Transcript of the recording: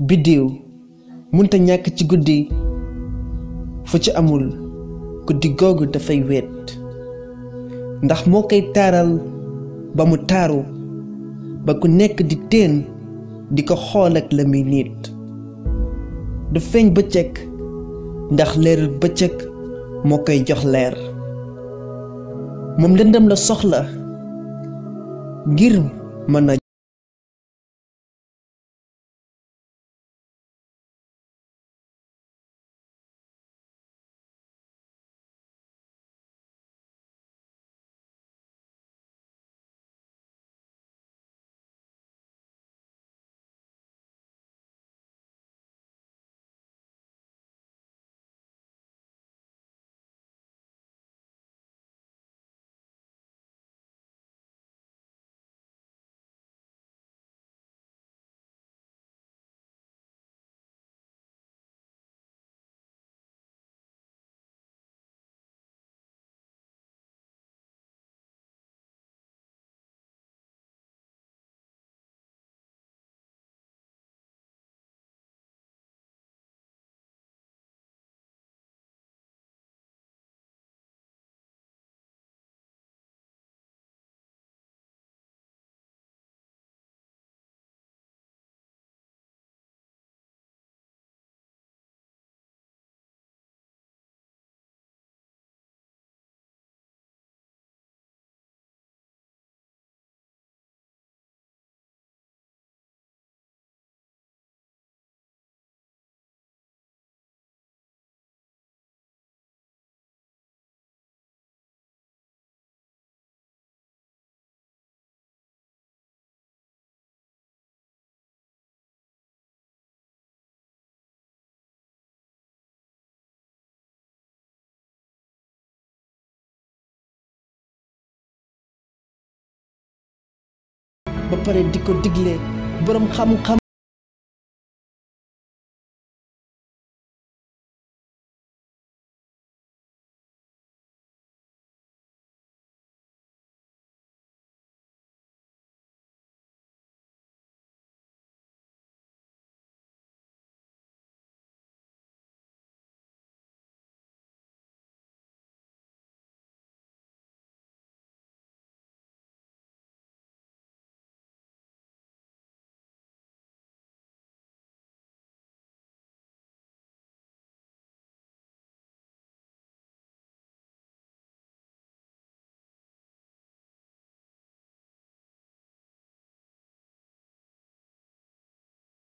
biddiw munta ñàkk ci guddi fu ci amul guddi googu dafay wéet ndax moo koy taaral ba mu taaru ba ku nekk di teen di ko xool ak la muy niit du feeñ bëccëg ndax leerul bëccëg moo koy jox leer moom lëndëm la soxla ngir mën a ba pare di ko digle borom xam-xam